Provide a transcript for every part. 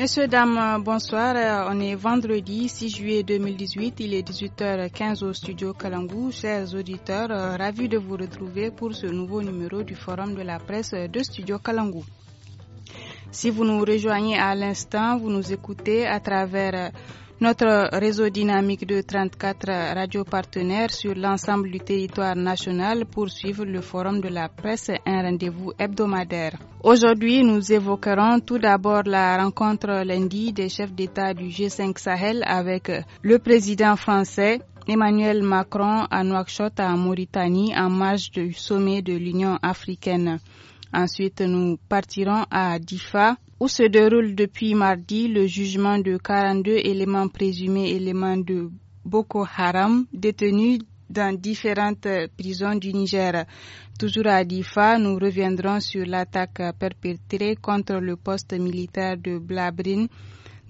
Messieurs, dames, bonsoir. Euh, on est vendredi 6 juillet 2018. Il est 18h15 au studio Kalangou. Chers auditeurs, euh, ravis de vous retrouver pour ce nouveau numéro du Forum de la presse de Studio Kalangou. Si vous nous rejoignez à l'instant, vous nous écoutez à travers euh, notre réseau dynamique de 34 radios partenaires sur l'ensemble du territoire national suivre le forum de la presse, un rendez-vous hebdomadaire. Aujourd'hui, nous évoquerons tout d'abord la rencontre lundi des chefs d'État du G5 Sahel avec le président français Emmanuel Macron à Nouakchott, en Mauritanie, en marge du sommet de l'Union africaine. Ensuite, nous partirons à Difa, où se déroule depuis mardi le jugement de 42 éléments présumés éléments de Boko Haram détenus dans différentes euh, prisons du Niger. Toujours à Difa, nous reviendrons sur l'attaque perpétrée contre le poste militaire de Blabrin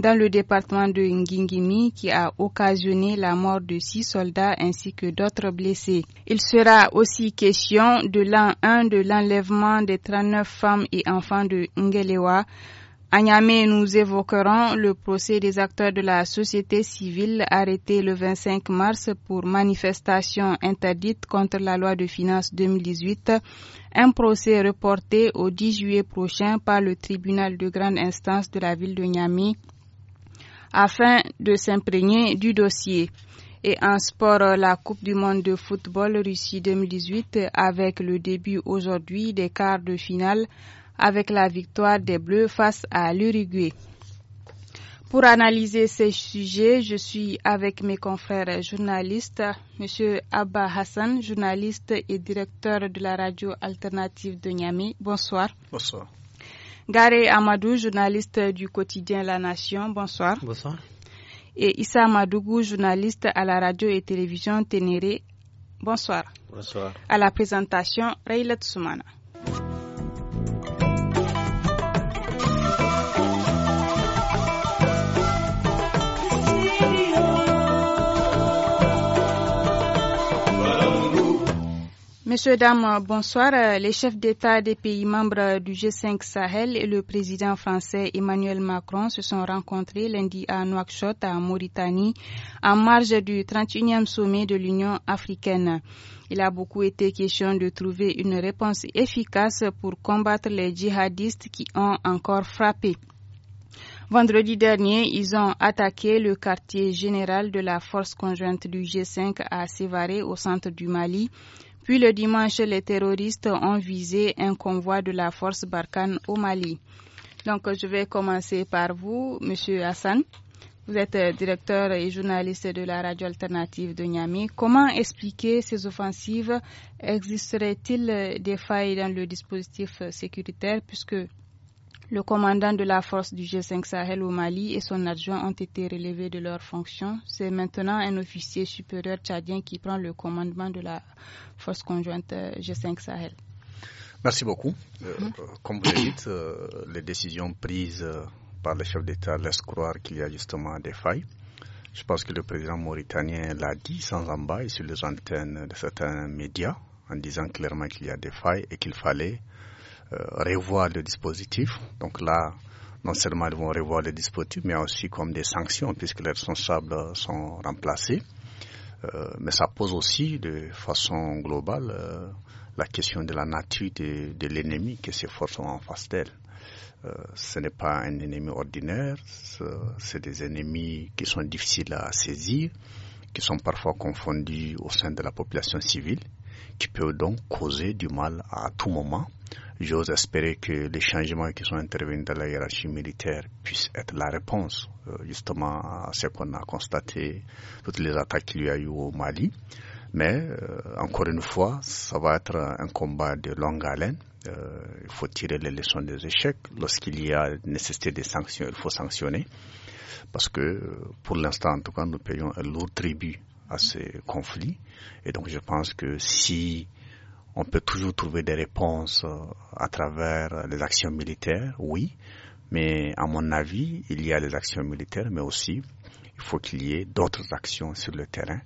dans le département de Ngingimi qui a occasionné la mort de six soldats ainsi que d'autres blessés. Il sera aussi question de l'an 1 de l'enlèvement des 39 femmes et enfants de Ngelewa à Niamey, nous évoquerons le procès des acteurs de la société civile arrêté le 25 mars pour manifestation interdite contre la loi de finances 2018, un procès reporté au 10 juillet prochain par le tribunal de grande instance de la ville de Niamey afin de s'imprégner du dossier. Et en sport, la Coupe du monde de football Russie 2018 avec le début aujourd'hui des quarts de finale avec la victoire des Bleus face à l'Uruguay. Pour analyser ces sujets, je suis avec mes confrères journalistes, M. Abba Hassan, journaliste et directeur de la radio alternative de Niamey. Bonsoir. Bonsoir. Gare Amadou, journaliste du quotidien La Nation. Bonsoir. Bonsoir. Et Issa Madougou, journaliste à la radio et télévision Ténéré. Bonsoir. Bonsoir. À la présentation, Raylet Soumana. Messieurs, dames, bonsoir. Les chefs d'État des pays membres du G5 Sahel et le président français Emmanuel Macron se sont rencontrés lundi à Nouakchott, en Mauritanie, en marge du 31e sommet de l'Union africaine. Il a beaucoup été question de trouver une réponse efficace pour combattre les djihadistes qui ont encore frappé. Vendredi dernier, ils ont attaqué le quartier général de la force conjointe du G5 à Sévaré, au centre du Mali. Puis le dimanche, les terroristes ont visé un convoi de la force Barkhane au Mali. Donc, je vais commencer par vous, Monsieur Hassan. Vous êtes euh, directeur et journaliste de la radio alternative de Niamey. Comment expliquer ces offensives Existerait-il euh, des failles dans le dispositif euh, sécuritaire puisque le commandant de la force du G5 Sahel au Mali et son adjoint ont été relevés de leurs fonctions. C'est maintenant un officier supérieur tchadien qui prend le commandement de la force conjointe euh, G5 Sahel. Merci beaucoup. Euh, mm-hmm. euh, comme vous le dites, les décisions prises par le chef d'État laissent croire qu'il y a justement des failles. Je pense que le président mauritanien l'a dit sans embâche sur les antennes de certains médias en disant clairement qu'il y a des failles et qu'il fallait euh, revoir le dispositif. Donc là, non seulement ils vont revoir le dispositif, mais aussi comme des sanctions, puisque les responsables sont remplacés. Euh, mais ça pose aussi de façon globale euh, la question de la nature de, de l'ennemi qui forces ont en face d'elle. Euh, ce n'est pas un ennemi ordinaire, c'est des ennemis qui sont difficiles à saisir, qui sont parfois confondus au sein de la population civile, qui peut donc causer du mal à tout moment J'ose espérer que les changements qui sont intervenus dans la hiérarchie militaire puissent être la réponse euh, justement à ce qu'on a constaté, toutes les attaques qu'il y a eu au Mali. Mais euh, encore une fois, ça va être un combat de longue haleine. Euh, il faut tirer les leçons des échecs. Lorsqu'il y a nécessité de sanctions, il faut sanctionner. Parce que pour l'instant, en tout cas, nous payons un lourd tribut à ces conflits. Et donc je pense que si on peut toujours trouver des réponses euh, à travers les actions militaires, oui, mais à mon avis, il y a les actions militaires, mais aussi il faut qu'il y ait d'autres actions sur le terrain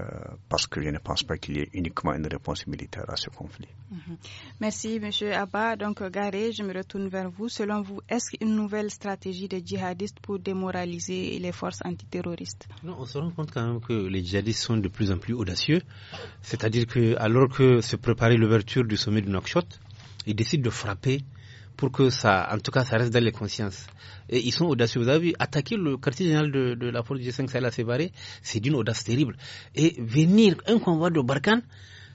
euh, parce que je ne pense pas qu'il y ait uniquement une réponse militaire à ce conflit. Mhm. Merci, M. Abba. Donc, euh, Garé, je me retourne vers vous. Selon vous, est-ce une nouvelle stratégie des djihadistes pour démoraliser les forces antiterroristes Non, on se rend compte quand même que les djihadistes sont de plus en plus audacieux. C'est-à-dire que, alors que se préparait l'ouverture du sommet de Nouakchott, ils décident de frapper pour que ça, en tout cas, ça reste dans les consciences. Et ils sont audacieux. Vous avez vu, attaquer le quartier général de, la force de G5 Sahel c'est d'une audace terrible. Et venir un convoi de Barkhane,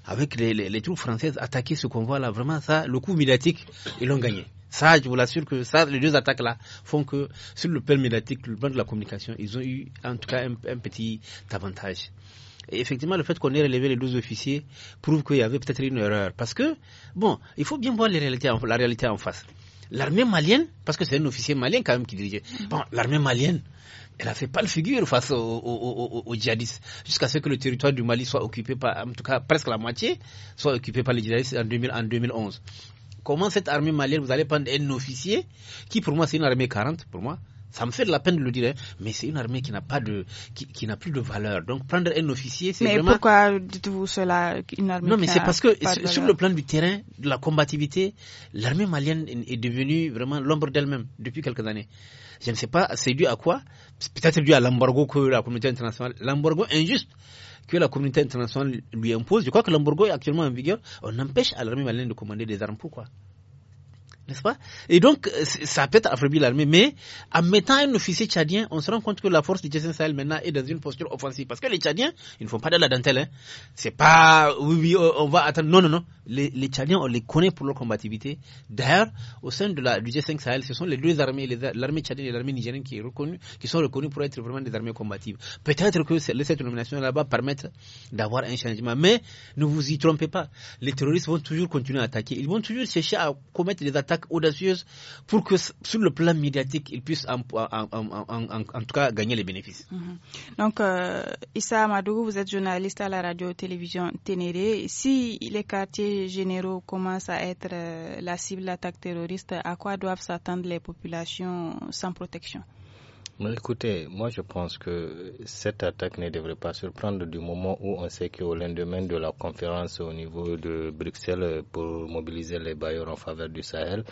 avec les, troupes françaises, attaquer ce convoi-là, vraiment, ça, le coup médiatique, ils l'ont gagné. Ça, je vous l'assure que ça, les deux attaques-là font que, sur le plan médiatique, le plan de la communication, ils ont eu, en tout cas, un petit avantage effectivement, le fait qu'on ait relevé les deux officiers prouve qu'il y avait peut-être une erreur. Parce que, bon, il faut bien voir la réalité en face. L'armée malienne, parce que c'est un officier malien quand même qui dirigeait, bon, l'armée malienne, elle a fait pas le figure face aux, djihadistes, jusqu'à ce que le territoire du Mali soit occupé par, en tout cas presque la moitié, soit occupé par les djihadistes en, en 2011. Comment cette armée malienne, vous allez prendre un officier, qui pour moi c'est une armée 40, pour moi, ça me fait de la peine de le dire, hein. mais c'est une armée qui n'a pas de, qui, n'a plus de valeur. Donc prendre un officier, c'est vraiment. Mais pourquoi dites-vous cela une Non, mais c'est parce que sur le plan du terrain, de la combativité, l'armée malienne est devenue vraiment l'ombre d'elle-même depuis quelques années. Je ne sais pas, c'est dû à quoi Peut-être dû à l'embargo que la communauté internationale, l'embargo injuste que la communauté internationale lui impose. Je crois que l'embargo est actuellement en vigueur. On empêche à l'armée malienne de commander des armes. Pourquoi n'est-ce pas Et donc, euh, ça peut être affaiblir l'armée, mais en mettant un officier tchadien, on se rend compte que la force du J5 Sahel maintenant est dans une posture offensive. Parce que les Tchadiens, ils ne font pas de la dentelle. Hein. C'est pas, oui, oui, euh, on va attendre. Non, non, non. Les, Tchadiens, on les connaît pour leur combativité. D'ailleurs, au sein de la, du G5 Sahel, ce sont les deux armées, l'armée tchadienne et l'armée nigérienne qui, est reconnue, qui sont reconnues pour être vraiment des armées combatives. Peut-être que cette nomination là-bas permettent d'avoir un changement. Mais ne vous y trompez pas. Les terroristes vont toujours continuer à attaquer. Ils vont toujours chercher à commettre des attaques audacieuse pour que sur le plan médiatique, ils puissent en, tout cas gagner les bénéfices. Mm-hmm. Donc, euh, Issa Amadou, vous êtes journaliste à la radio-télévision Ténéré. Si les quartiers généraux commencent à être euh, la cible d'attaques terroristes, à quoi doivent s'attendre les populations sans protection Écoutez, moi je pense que cette attaque ne devrait pas surprendre du moment où on sait qu'au lendemain de la conférence au niveau de Bruxelles pour mobiliser les bailleurs en faveur du Sahel,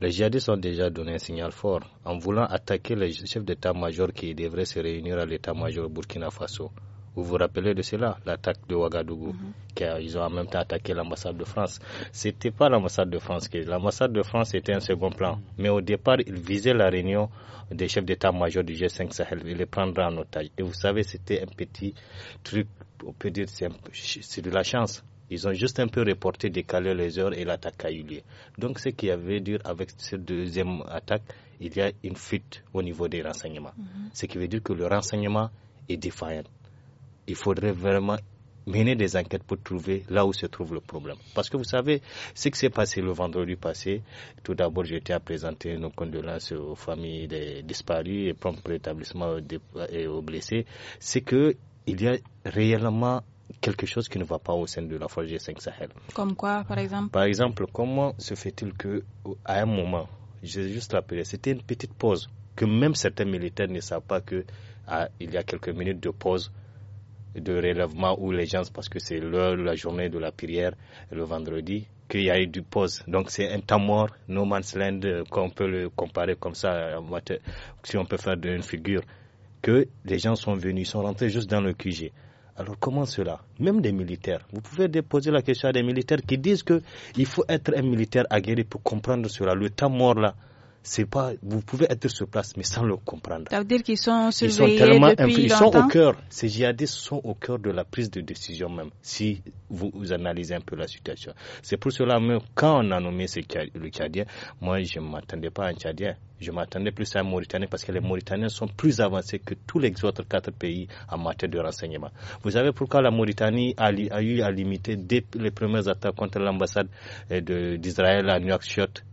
les djihadistes ont déjà donné un signal fort en voulant attaquer les chefs d'état-major qui devraient se réunir à l'état-major Burkina Faso. Vous vous rappelez de cela, l'attaque de Ouagadougou, mhm. car ils ont en même temps attaqué l'ambassade de France. Ce n'était pas l'ambassade de France qui l'ambassade de France était un second plan, mhm. mais au départ, ils visaient la réunion des chefs d'état-major du G5 Sahel et les prendre en otage. Et vous savez, c'était un petit truc, on peut dire, c'est de la chance. Ils ont juste un peu reporté, décalé les heures et l'attaque a eu lieu. Donc, ce qui avait dire avec cette deuxième attaque, il y a une fuite au niveau des renseignements. Mhm. Ce qui veut dire que le renseignement est défaillant il faudrait vraiment mener des enquêtes pour trouver là où se trouve le problème. Parce que vous savez, ce qui s'est passé le vendredi passé, tout d'abord, j'étais à présenter nos condoléances aux familles des disparus et établissements et aux, blessés. C'est que il y a réellement quelque chose qui ne va pas au sein de la force 5 Sahel. Comme quoi, par exemple Par exemple, comment se fait-il que, à un moment, j'ai juste rappelé, c'était une petite pause, que même certains militaires ne savent pas que, ah, il y a quelques minutes de pause, de relèvement où les gens, parce que c'est l'heure, la journée de la prière, le vendredi, qu'il y a eu du pause. Donc c'est un temps mort, no man's land, euh, qu'on peut le comparer comme ça, euh, si on peut faire une figure, que les gens sont venus, sont rentrés juste dans le QG. Alors comment cela Même des militaires. Vous pouvez déposer la question à des militaires qui disent qu'il faut être un militaire aguerri pour comprendre cela. Le temps mort là, c'est pas, vous pouvez être sur place, mais sans le comprendre. Ça veut dire qu'ils sont surveillés Ils sont tellement Ils sont au cœur. Ces djihadistes sont au cœur de la prise de décision même, si vous, analysez un peu la situation. C'est pour cela même, quand on a nommé le Tchadien, moi, je ne m'attendais pas à un Tchadien. Je m'attendais plus à un Mauritanien parce que les Mauritaniens sont plus avancés que tous les autres quatre pays en matière de renseignement. Vous savez pourquoi la Mauritanie a, eu à limiter dès les premières attaques contre l'ambassade eh, d'Israël à New York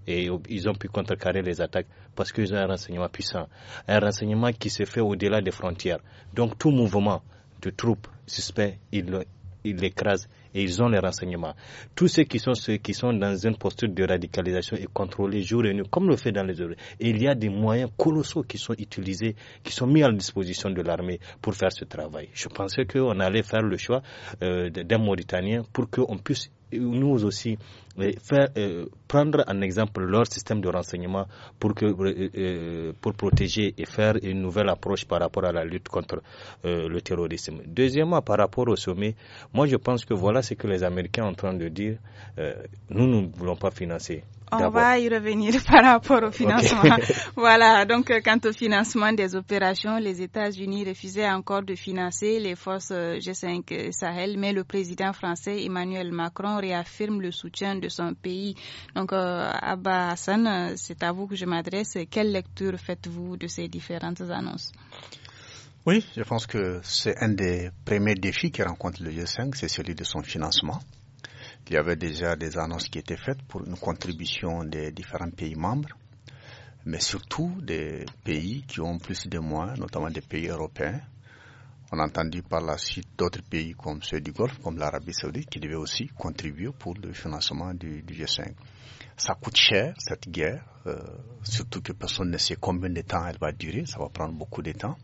et ils ont pu contrecarrer les attaques parce qu'ils ont un renseignement puissant, un renseignement qui se fait au-delà des frontières. Donc tout mouvement de troupes suspects, ils l'écrasent et ils ont les renseignements. Tous ceux qui sont ceux qui sont dans une posture de radicalisation et contrôlés jour et nuit, comme le fait dans les autres. Et il y a des moyens colossaux qui sont utilisés, qui sont mis à la disposition de l'armée pour faire ce travail. Je pensais qu'on allait faire le choix euh, d'un Mauritanien pour qu'on puisse nous aussi euh, faire, euh, prendre en exemple leur système de renseignement pour, que, euh, euh, pour protéger et faire une nouvelle approche par rapport à la lutte contre euh, le terrorisme. Deuxièmement, par rapport au sommet, moi je pense que voilà ce que les Américains sont en train de dire. nous, nous ne voulons pas financer. On va y revenir par rapport au financement. voilà, donc quant au financement des opérations, les États-Unis refusaient encore de financer les forces G5 Sahel, mais le président français Emmanuel Macron réaffirme le soutien de son pays. Donc, euh, Abba Hassan, euh, c'est à vous que je m'adresse. Quelle lecture faites-vous de ces différentes annonces Oui, je pense que c'est un des premiers défis que rencontre le G5, c'est celui de son financement. Il y avait déjà des annonces qui étaient faites pour une contribution des différents pays membres, mais surtout des pays qui ont plus de moins, notamment des pays européens, on a entendu par la suite d'autres pays comme ceux du Golfe, comme l'Arabie Saoudite, qui devaient aussi contribuer pour le financement du, G5. Ça coûte cher, cette guerre, euh, surtout que personne ne sait combien de temps elle va durer, ça va prendre beaucoup de temps.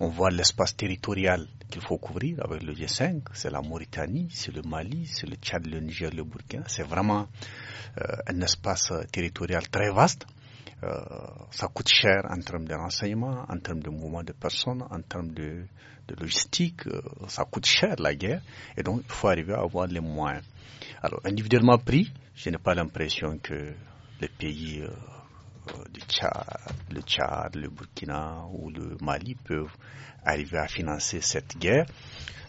On voit l'espace territorial qu'il faut couvrir avec le G5, c'est la Mauritanie, c'est le Mali, c'est le Tchad, le Niger, le Burkina. C'est vraiment euh, un espace euh, territorial très vaste euh, ça coûte cher en termes de renseignements, en termes de mouvement de personnes, en termes de, logistique. Euh, ça coûte cher la guerre. Et donc, il faut arriver à avoir les moyens. Alors, individuellement pris, je n'ai pas l'impression que les pays euh, du Tchad, le Tchad, le Burkina ou le Mali peuvent arriver à financer cette guerre.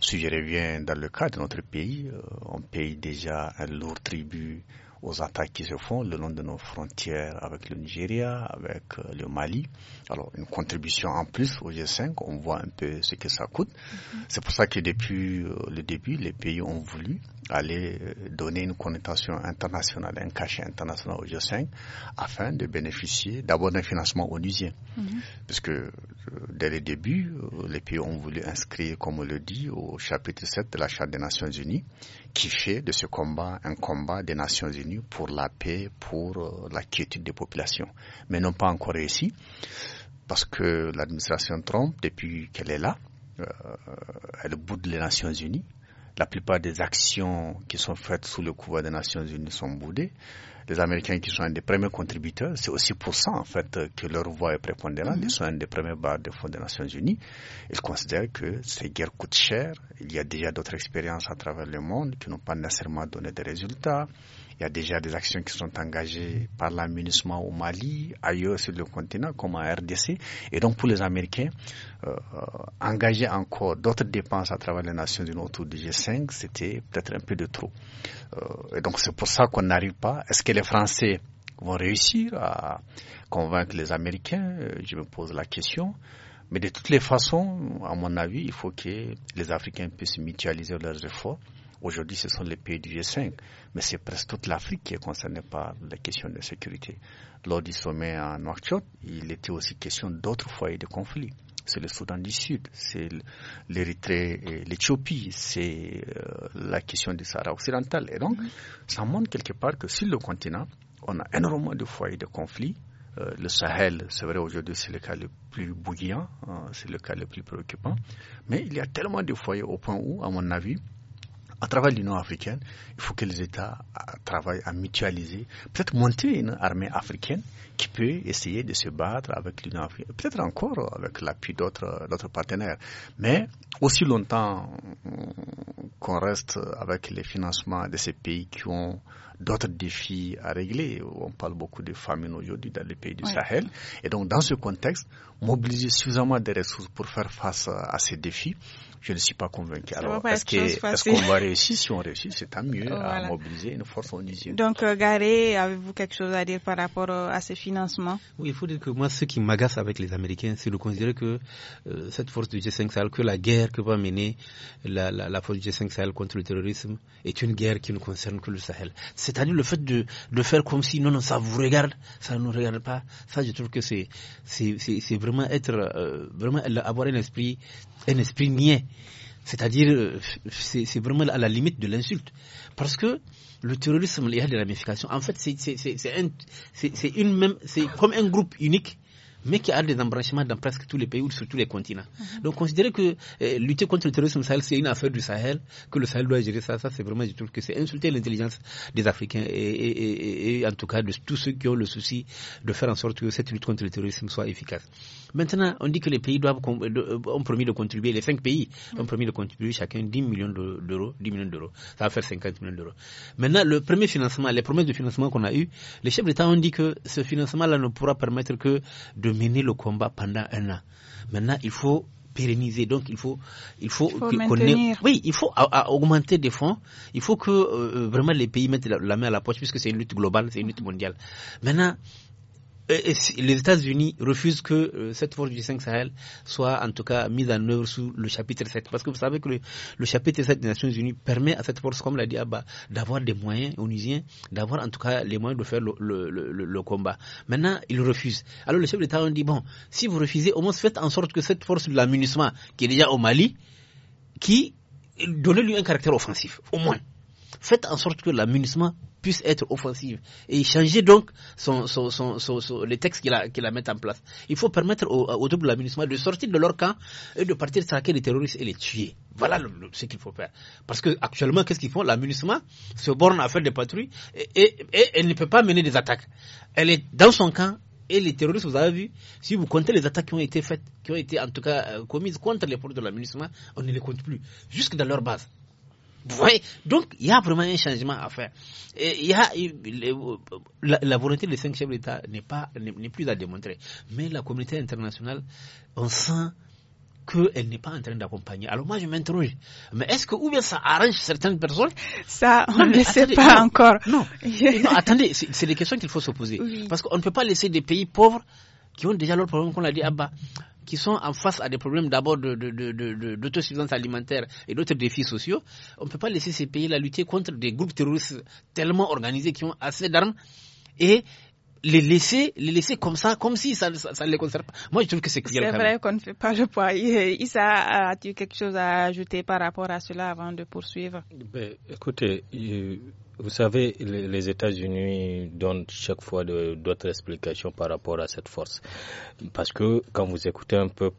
Si je reviens dans le cas de notre pays, on paye déjà un lourd tribut aux attaques qui se font le long de nos frontières avec le Nigeria, avec euh, le Mali. Alors une contribution en plus au G5, on voit un peu ce que ça coûte. Mhm. C'est pour ça que depuis euh, le début, les pays ont voulu aller euh, donner une connotation internationale, un cachet international au G5, afin de bénéficier d'abord d'un financement onusien. Mhm. Parce que dès le début, les pays ont voulu inscrire, comme on le dit, au chapitre 7 de la Charte des Nations Unies, qui fait de ce combat un combat des Nations Unies pour la paix, pour euh, la quiétude des populations, mais non pas encore réussi, parce que l'administration Trump, depuis qu'elle est là, euh, elle boude les Nations Unies. La plupart des actions qui sont faites sous le couvert des Nations Unies sont boudées les Américains qui sont un des premiers contributeurs. C'est aussi pour ça, en fait, que leur voix est prépondérante. Mm-hmm. Ils sont un des premiers barres de fonds des Nations Unies. Ils considèrent que ces guerres coûtent cher. Il y a déjà d'autres expériences à travers le monde qui n'ont pas nécessairement donné des résultats. Il y a déjà des actions qui sont engagées par l'amunissement au Mali, ailleurs sur le continent, comme en RDC. Et donc, pour les Américains, euh, euh, engager encore d'autres dépenses à travers les Nations Unies autour du G5, c'était peut-être un peu de trop. Euh, et donc, c'est pour ça qu'on n'arrive pas. Est-ce que les Français vont réussir à convaincre les Américains Je me pose la question. Mais de toutes les façons, à mon avis, il faut que les Africains puissent mutualiser leurs efforts Aujourd'hui, ce sont les pays du G5, mais c'est presque toute l'Afrique qui est concernée par la question de sécurité. Lors du sommet à Nouakchott, il était aussi question d'autres foyers de conflit. C'est le Soudan du Sud, c'est l'Érythrée et l'Éthiopie, c'est euh, la question du Sahara occidental. Et donc, ça montre quelque part que sur le continent, on a énormément de foyers de conflit euh, le Sahel, c'est vrai aujourd'hui c'est le cas le plus bouillant, hein, c'est le cas le plus préoccupant, mais il y a tellement de foyers au point où, à mon avis, à travers l'Union africaine, il faut que les États euh, travaillent à mutualiser, peut-être monter une armée africaine qui peut essayer de se battre avec l'Union africaine, peut-être encore avec l'appui d'autres partenaires. Mais aussi longtemps euh, qu'on reste avec les financements de ces pays qui ont d'autres défis à régler. On parle beaucoup de famine aujourd'hui dans les pays du Sahel. Et donc, dans ce contexte, mobiliser suffisamment de ressources pour faire face à ces défis, je ne suis pas convaincu. Alors, est-ce qu'on va réussir Si on réussit, c'est tant mieux à mobiliser une force onusienne. Donc, euh, Garé, avez-vous quelque chose à dire par rapport euh, à ces financements Oui, il faut dire que moi, ce qui m'agace avec les Américains, c'est de considérer que euh, cette force du G5 Sahel, que la guerre que va mener la, la force du G5 Sahel contre le terrorisme est une guerre qui ne concerne que le Sahel. C'est-à-dire le fait de, de, faire comme si non, non, ça vous regarde, ça ne nous regarde pas. Ça, je trouve que c'est vraiment être, euh, vraiment avoir un esprit, un esprit niais. C'est-à-dire, euh, c'est vraiment à la limite de l'insulte. Parce que le terrorisme, il y a des ramifications. En fait, c'est une même, c'est comme un groupe unique mais qui a des embranchements dans presque tous les pays ou sur tous les continents. Donc considérer que eh, lutter contre le terrorisme au Sahel, c'est une affaire du Sahel, que le Sahel doit gérer ça, ça c'est vraiment, je trouve que c'est insulter l'intelligence des Africains et, et, et, en tout cas de tous ceux qui ont le souci de faire en sorte que cette lutte contre le terrorisme soit efficace. Maintenant, on dit que les pays doivent, euh, ont promis de contribuer, les cinq pays ont promis de contribuer chacun 10 millions d'euros, 10 millions d'euros. Ça va faire 50 millions d'euros. Maintenant, le premier financement, les promesses de financement qu'on a eues, les chefs d'État ont dit que ce financement-là ne pourra permettre que de mener le combat pendant un an. Maintenant, il faut pérenniser. Donc, il faut, il faut, ait... oui, il faut augmenter des fonds. Il faut que euh, euh, vraiment les pays mettent la, main à la poche puisque c'est une lutte globale, c'est une lutte mondiale. Maintenant, les États-Unis refusent que euh, cette force du 5 Sahel soit en tout cas mise en œuvre sous le chapitre 7. Parce que vous savez que le, chapitre 7 des Nations Unies permet à cette force, comme l'a dit Abba, d'avoir des moyens onusiens, d'avoir en tout cas les moyens de faire le, combat. Maintenant, ils refusent. Alors le chef d'État a dit, bon, si vous refusez, au moins faites en sorte que cette force de l'amunissement qui est déjà au Mali, qui donne lui un caractère offensif, au moins. Faites en sorte que l'amunissement puisse être offensive et changer donc son, son, son, les textes qu'il a, qu a mettent en place. Il faut permettre aux, aux de amunissements de sortir de leur camp et de partir traquer les terroristes et les tuer. Voilà ce qu'il faut faire. Parce que actuellement, qu'est-ce qu'ils font L'amunissement se borne à faire des patrouilles et, et, elle ne peut pas mener des attaques. Elle est dans son camp et les terroristes, vous avez vu, si vous comptez les attaques qui ont été faites, qui ont été en tout cas euh, commises contre les forces de l'amunissement, on ne les compte plus, jusque dans leur base. Vous Donc, il y a vraiment un changement à faire. Et il euh, la, volonté des cinq chefs d'État n'est pas n'est plus à démontrer. Mais la communauté internationale, on sent qu'elle n'est pas en train d'accompagner. Alors moi, je m'interroge. Mais est-ce que, ou bien ça arrange certaines personnes Ça, on ne le sait pas encore. Non, attendez, c'est des questions qu'il faut se poser. Parce qu'on ne peut pas laisser des pays pauvres qui ont déjà leurs problèmes, qu'on a dit, à bah, qui sont en face à des problèmes d'abord d'autosuffisance de, de, de, alimentaire et d'autres défis sociaux, on ne peut pas laisser ces pays-là lutter contre des groupes terroristes tellement organisés qui ont assez d'armes et les laisser, les laisser comme ça, comme si ça, ne les concerne pas. Moi, je trouve que c'est clair. C'est vrai qu'on ne fait pas le poids. Euh, Issa, as-tu quelque chose à ajouter par rapport à cela avant de poursuivre ben, Écoutez, euh, vous savez, les États-Unis donnent chaque fois d'autres explications par rapport à cette force. Parce que quand vous écoutez un peu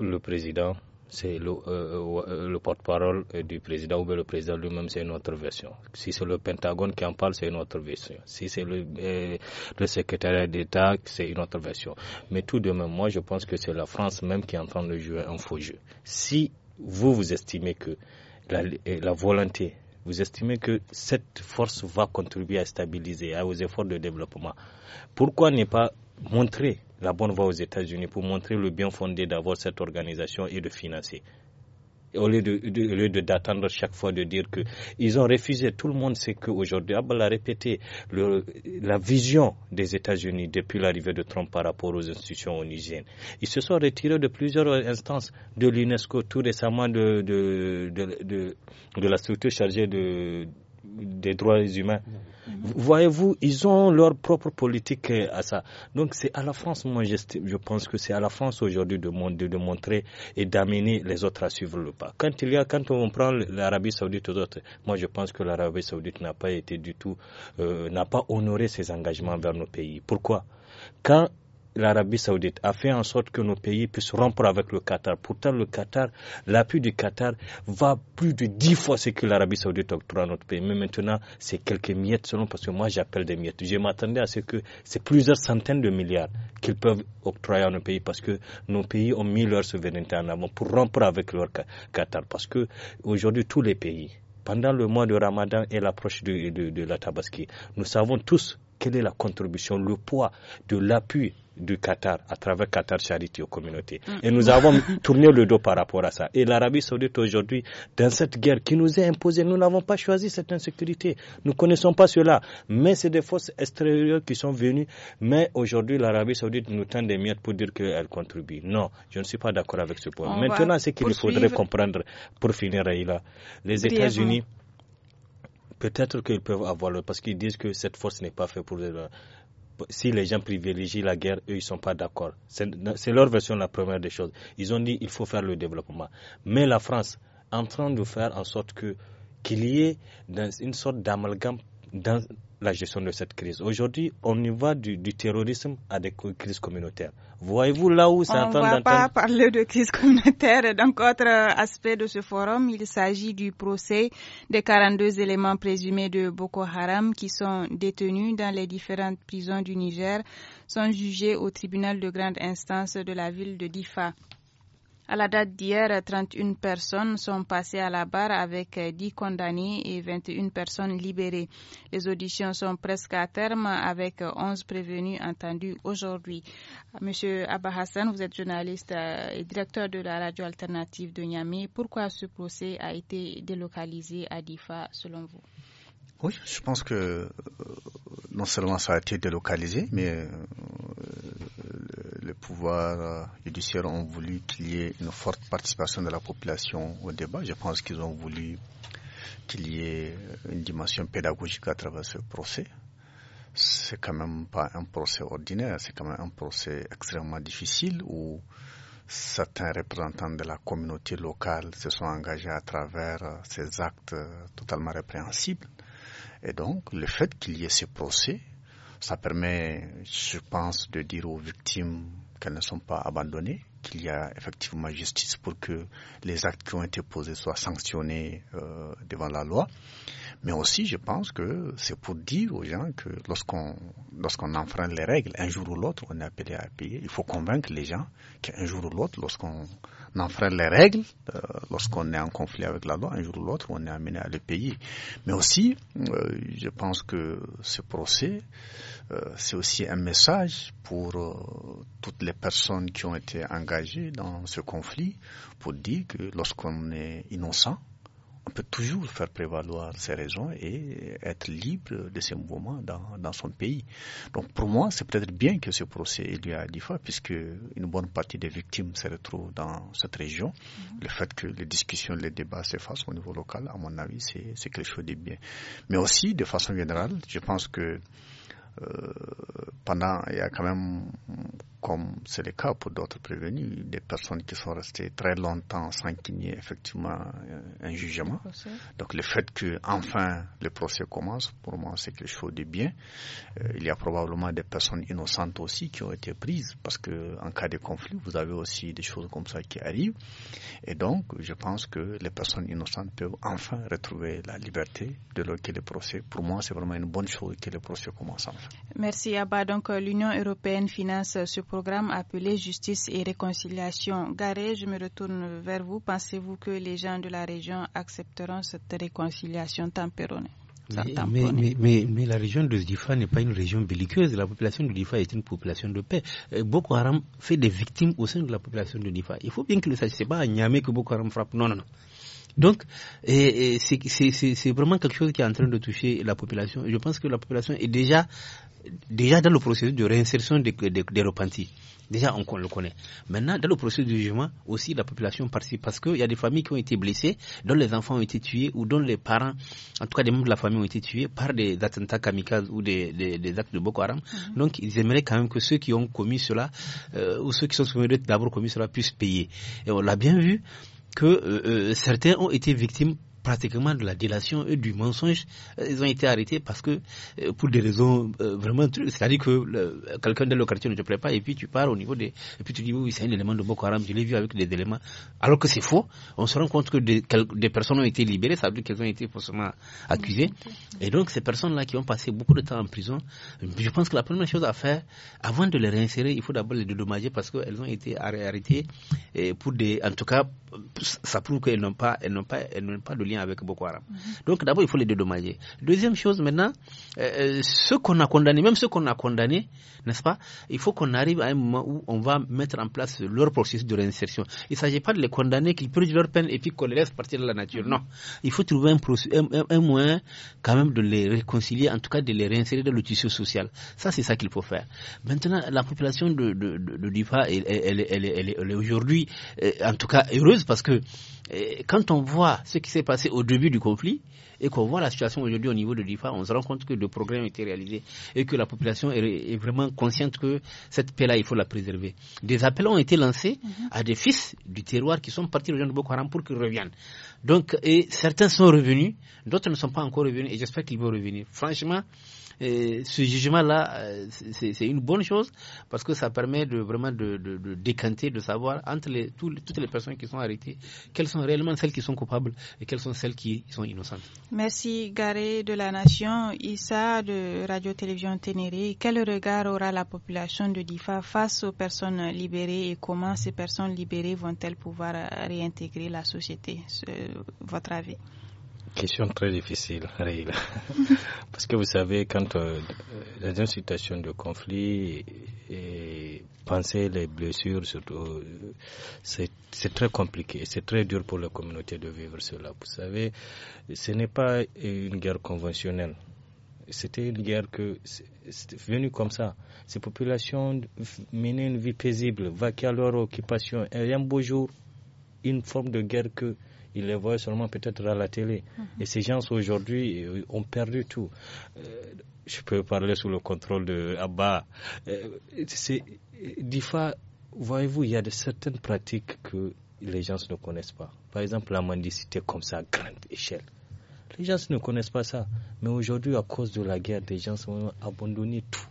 le président, c'est euh, euh, le, porte-parole du président ou le président lui-même, c'est une autre version. Si c'est le Pentagone qui en parle, c'est une autre version. Si c'est euh, le, secrétaire d'État, c'est une autre version. Mais tout de même, moi, je pense que c'est la France même qui est en train de jouer un faux jeu. Si vous, vous estimez que la volonté vous estimez que cette force va contribuer à stabiliser, à, aux efforts de développement. Pourquoi ne pas montrer la bonne voie aux États-Unis pour montrer le bien fondé d'avoir cette organisation et de financer au lieu de, lieu d'attendre chaque fois de dire que ils ont refusé. Tout le monde sait qu'aujourd'hui, Abba a répété le, la vision des États-Unis depuis l'arrivée de Trump par rapport aux institutions onusiennes. Ils se sont retirés de plusieurs instances de l'UNESCO, tout récemment de, de, de, de, la structure chargée de, des droits humains. Voyez-vous, ils ont leur propre politique euh, à ça. Donc c'est à la France, moi je pense que c'est à la France aujourd'hui de, montrer et d'amener les autres à suivre le pas. Quand il y a, quand on prend l'Arabie Saoudite aux autres, moi je pense que l'Arabie Saoudite n'a pas été du tout, euh, n'a pas honoré ses engagements vers nos pays. Pourquoi? Quand l'Arabie saoudite a fait en sorte que nos pays puissent rompre avec le Qatar. Pourtant, le Qatar, l'appui du Qatar va plus de dix fois ce que l'Arabie saoudite octroie à notre pays. Mais maintenant, c'est quelques miettes selon, parce que moi j'appelle des miettes. Je m'attendais à ce que c'est plusieurs centaines de milliards qu'ils peuvent octroyer à nos pays parce que nos pays ont mis leur souveraineté en avant pour rompre avec leur Qatar. Parce que aujourd'hui, tous les pays, pendant le mois de Ramadan et l'approche de, de la Tabaski, nous savons tous quelle est la contribution, le poids de l'appui du Qatar, à travers Qatar Charity aux communautés. Mm. Et nous avons tourné le dos par rapport à ça. Et l'Arabie saoudite aujourd'hui, dans cette guerre qui nous est imposée, nous n'avons pas choisi cette insécurité. Nous ne connaissons pas cela. Mais c'est des forces extérieures qui sont venues. Mais aujourd'hui, l'Arabie saoudite nous tend des miettes pour dire qu'elle contribue. Non, je ne suis pas d'accord avec ce point. Maintenant, ce qu'il faudrait comprendre, pour finir, Aïla, les États-Unis peut-être qu'ils peuvent avoir parce qu'ils disent que cette force n'est pas faite pour si les gens privilégient la guerre, eux, ils ne sont pas d'accord. C'est leur version la première des choses. Ils ont dit il faut faire le développement. Mais la France en train de faire en sorte qu'il y ait une sorte d'amalgame la gestion de cette crise. Aujourd'hui, on y va du, terrorisme à des crises communautaires. Voyez-vous là où ça On ne va pas parler de crise communautaire. Donc, autre aspect de ce forum, il s'agit du procès des 42 éléments présumés de Boko Haram qui sont détenus dans les différentes prisons du Niger, sont jugés au tribunal de grande instance de la ville de Difa. À la date d'hier, 31 personnes sont passées à la barre avec 10 condamnés et 21 personnes libérées. Les auditions sont presque à terme avec 11 prévenus entendus aujourd'hui. Monsieur Abba Hassan, vous êtes journaliste euh, et directeur de la radio alternative de Niamey. Pourquoi ce procès a été délocalisé à Difa selon vous? Oui, je pense que euh, non seulement ça a été délocalisé, mais euh, les pouvoirs euh, judiciaires ont voulu qu'il y ait une forte participation de la population au débat. Je pense qu'ils ont voulu qu'il y ait une dimension pédagogique à travers ce procès. C'est quand même pas un procès ordinaire, c'est quand même un procès extrêmement difficile où certains représentants de la communauté locale se sont engagés à travers ces actes totalement répréhensibles et donc, le fait qu'il y ait ces procès, ça permet, je pense, de dire aux victimes qu'elles ne sont pas abandonnées, qu'il y a effectivement justice pour que les actes qui ont été posés soient sanctionnés euh, devant la loi. Mais aussi, je pense que c'est pour dire aux gens que lorsqu'on lorsqu'on enfreint les règles, un jour ou l'autre, on est appelé à payer. Il faut convaincre les gens qu'un jour ou l'autre, lorsqu'on enfreint les règles, euh, lorsqu'on est en conflit avec la loi, un jour ou l'autre, on est amené à le payer. Mais aussi, euh, je pense que ce procès, euh, c'est aussi un message pour toutes les personnes qui ont été engagées dans ce conflit, pour dire que lorsqu'on est innocent, on peut toujours faire prévaloir ses raisons et être libre de ses mouvements dans, son pays. Donc pour moi, c'est peut-être bien que ce procès ait lieu à fois puisque une bonne partie des victimes se retrouvent dans cette région. Mm-hmm. Le fait que les discussions, les débats s'effacent au niveau local, à mon avis, c'est quelque chose de bien. Mais aussi, de façon générale, je pense que euh, pendant, il y a quand même comme c'est le cas pour d'autres prévenus, des personnes qui sont restées très longtemps sans qu'il y ait effectivement euh, un jugement. Donc le fait que enfin le procès commence, pour moi, c'est quelque chose de bien. Euh, il y a probablement des personnes innocentes aussi qui ont été prises parce que en cas de conflit, vous avez aussi des choses comme ça qui arrivent. Et donc, je pense que les personnes innocentes peuvent enfin retrouver la liberté de leur le procès. Pour moi, c'est vraiment une bonne chose que le procès commence enfin. Merci Abba. Donc euh, l'Union européenne finance ce programme appelé Justice et Réconciliation. Garé, je me retourne vers vous. Pensez-vous que les gens de la région accepteront cette réconciliation tempéronnée mais, la région de Difa n'est pas une région belliqueuse. La population de Difa est une population de paix. Euh, Boko Haram fait des victimes au sein de la population de Difa. Il faut bien que le sache. pas à Niamey que Boko Haram frappe. Non, non, non. Donc, c'est vraiment quelque chose qui est en train de toucher la population. je pense que la population est déjà, déjà dans le processus de réinsertion des, repentis. Déjà, on, le connaît. Maintenant, dans le processus de jugement, aussi, la population participe parce qu'il y a des familles qui ont été blessées, dont les enfants ont été tués ou dont les parents, en tout cas des membres de la famille, ont été tués par des attentats kamikazes ou des, actes de Boko Haram. Mm-hmm. Donc, ils aimeraient quand même que ceux qui ont commis cela, euh, ou ceux qui sont soumis d'avoir commis cela, puissent payer. Et on l'a bien vu que euh, euh, certains ont été victimes pratiquement de la délation et du mensonge, euh, ils ont été arrêtés parce que, euh, pour des raisons euh, vraiment, c'est-à-dire que quelqu'un de leur ne te plaît pas et puis tu pars au niveau des, et puis tu dis oui, c'est un élément de Boko Haram, je l'ai vu avec des éléments, alors que c'est faux. On se rend compte que des, personnes ont été libérées, ça veut dire qu'elles ont été forcément accusées. Et donc, ces personnes-là qui ont passé beaucoup de temps en prison, je pense que la première chose à faire, avant de les réinsérer, il faut d'abord les dédommager parce qu'elles ont été arrêtées pour des, en tout cas, ça prouve qu'elles n'ont pas, elles n'ont pas, elles n'ont pas de lien avec Boko Haram. Donc d'abord, il faut les dédommager. Deuxième chose, maintenant, euh, euh, ceux qu'on a condamnés, même ceux qu'on a condamnés, n'est-ce pas, il faut qu'on arrive à un moment où on va mettre en place leur processus de réinsertion. Il ne s'agit pas de les condamner, qu'ils purgent leur peine et puis qu'on les laisse partir de la nature. Non. Il faut trouver un, moyen quand même de les réconcilier, en tout cas de les réinsérer dans le tissu social. Ça, c'est ça qu'il faut faire. Maintenant, la population de, de, elle est aujourd'hui, euh, en tout cas, heureuse parce que quand on voit ce qui s'est passé au début du conflit et qu'on voit la situation aujourd'hui au niveau de l'IFA, on se rend compte que le progrès a été réalisé et que la population est, vraiment consciente que cette paix-là, il faut la préserver. Des appels ont été lancés mhm. à des fils du terroir qui sont partis rejoindre Boko Haram pour qu'ils reviennent. Donc, et certains sont revenus, d'autres ne sont pas encore revenus et j'espère qu'ils vont revenir. Franchement, ce jugement-là, euh, c'est une bonne chose parce que ça permet de vraiment de, décanter, de savoir entre toutes les personnes qui sont arrêtées, quelles sont réellement celles qui sont coupables et quelles sont celles qui sont innocentes. Merci Garé de la Nation, Issa de Radio-Télévision Ténéré. Quel regard aura la population de DIFA face aux personnes libérées et comment ces personnes libérées vont-elles pouvoir réintégrer la société Votre avis question très difficile, Parce que vous savez, quand les euh, dans une situation de conflit, et penser les blessures, surtout, euh, c'est très compliqué. C'est très dur pour la communauté de vivre cela. Vous savez, ce n'est pas une guerre conventionnelle. C'était une guerre que est venue comme ça. Ces populations menaient une vie paisible, vaquaient à leur occupation. Et un beau jour, une forme de guerre que ils les voient seulement peut-être à la télé. Mhm. Et ces gens aujourd'hui euh, ont perdu tout. Euh, je peux parler sous le contrôle de Abba. Euh, voyez-vous, il y a certaines pratiques que les gens ne connaissent pas. Par exemple, la mendicité comme ça à grande échelle. Les gens ne connaissent pas ça. Mais aujourd'hui, à cause de la guerre, des gens ont abandonné tout.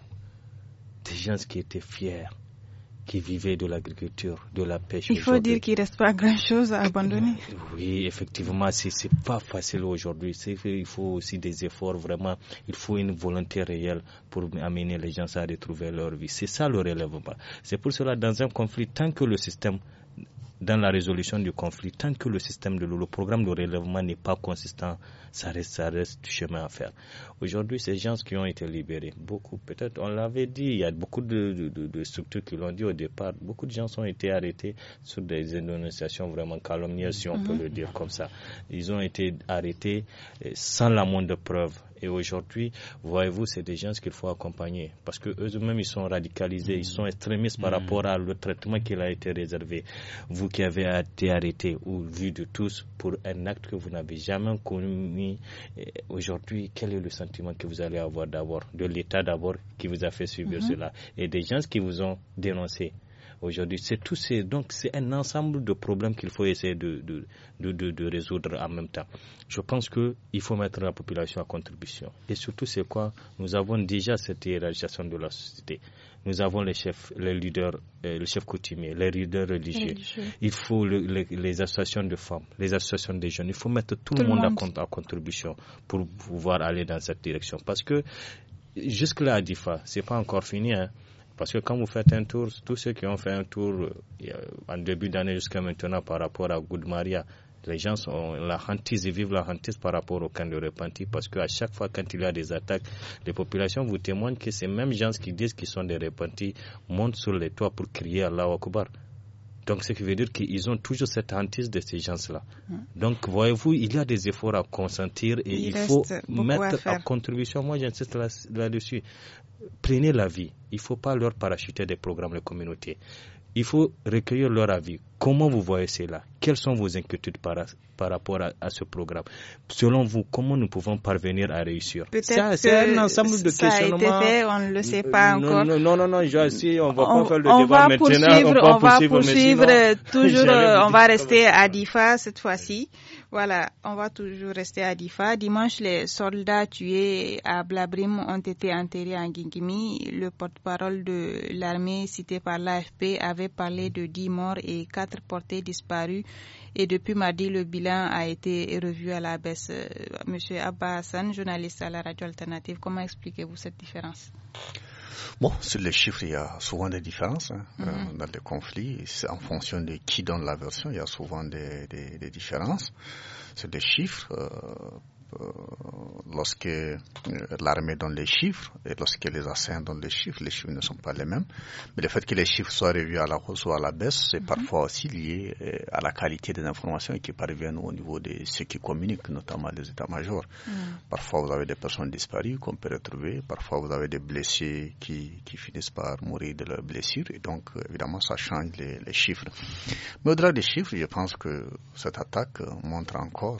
Des gens qui étaient fiers, qui vivaient de l'agriculture, de la pêche. Il faut dire qu'il ne reste pas grand-chose à abandonner. Oui, effectivement, ce n'est pas facile aujourd'hui. Il faut aussi des efforts, vraiment. Il faut une volonté réelle pour amener les gens à retrouver leur vie. C'est ça le relèvement. C'est pour cela, dans un conflit, tant que le système dans la résolution du conflit, tant que le système de l'eau, le programme de relèvement n'est pas consistant, ça reste, ça reste du chemin à faire. Aujourd'hui, ces gens qui ont été libérés, beaucoup, peut-être, on l'avait dit, il y a beaucoup de, structures qui l'ont dit au départ, beaucoup de gens ont été arrêtés sur des dénonciations vraiment calomnieuses, si on peut mhm. le dire comme ça. Ils ont été arrêtés euh, sans la moindre preuve. Et aujourd'hui, voyez-vous, c'est des gens qu'il faut accompagner parce que eux-mêmes ils sont radicalisés, ils sont extrémistes par mm. rapport à le traitement qui a été réservé. Vous qui avez été arrêté ou vu de tous pour un acte que vous n'avez jamais commis, eh, aujourd'hui, quel est le sentiment que vous allez avoir d'abord de l'État d'abord qui vous a fait subir mm-hmm. cela et des gens qui vous ont dénoncé? aujourd'hui. C'est tout, c'est donc c'est un ensemble de problèmes qu'il faut essayer de de, de, résoudre en même temps. Je pense qu'il faut mettre la population à contribution. Et surtout, c'est quoi Nous avons déjà cette hiérarchisation de la société. Nous avons les chefs, les leaders, euh, le chef coutumiers, les leaders religieux. Il faut les, associations de femmes, les associations des jeunes. Il faut mettre tout, le monde, À, à contribution pour pouvoir aller dans cette direction. Parce que jusque-là, Difa, n'est pas encore fini. Hein. Parce que quand vous faites un tour, tous ceux qui ont fait un tour euh, en début d'année jusqu'à maintenant par rapport à Good les gens ont la hantise, ils vivent la hantise par rapport au camp de repenti parce qu'à chaque fois quand il y a des attaques, les populations vous témoignent que ces mêmes gens qui disent qu'ils sont des repentis montent sur les toits pour crier Allah Akbar. Donc, ce qui veut dire qu'ils ont toujours cette hantise de ces gens-là. Hmm. Donc, voyez-vous, il y a des efforts à consentir et il, faut mettre à, contribution. Moi, j'insiste là-dessus prenez l'avis. Il ne faut pas leur parachuter des programmes de communauté. Il faut recueillir leur avis. Comment vous voyez cela Quelles sont vos inquiétudes par, par rapport à, ce programme Selon vous, comment nous pouvons parvenir à réussir C'est un ensemble de ça A été fait, on ne le sait pas encore. Non, non, non, je, euh, si, on va pas faire le on va poursuivre, on, va poursuivre, toujours, euh, on va rester à DIFA cette fois-ci. Voilà, on va toujours rester à Difa. Dimanche, les soldats tués à Blabrim ont été enterrés en Gingimi. Le porte-parole de l'armée cité par l'AFP avait parlé de 10 morts et 4 porté disparu. Et depuis mardi, le bilan a été revu à la baisse. Euh, Monsieur Abba Hassan, journaliste à la radio alternative, comment expliquez-vous cette différence Bon, sur les chiffres, il y a souvent des différences hein. euh, mhm. dans les conflits. En fonction de qui donne la version, il y a souvent des, différences. C'est des chiffres. Euh, euh, lorsque euh, l'armée donne les chiffres et lorsque les assaillants donnent les chiffres, les chiffres ne sont pas les mêmes. Mais le fait que les chiffres soient revus à la hausse ou à la baisse, c'est mhm. parfois aussi lié euh, à la qualité des informations qui parviennent au niveau de ceux qui communiquent, notamment les états-majors. Mhm. Parfois, vous avez des personnes disparues qu'on peut retrouver, parfois, vous avez des blessés qui, qui, finissent par mourir de leurs blessures, et donc, évidemment, ça change les, les chiffres. Mais au-delà des chiffres, je pense que cette attaque montre encore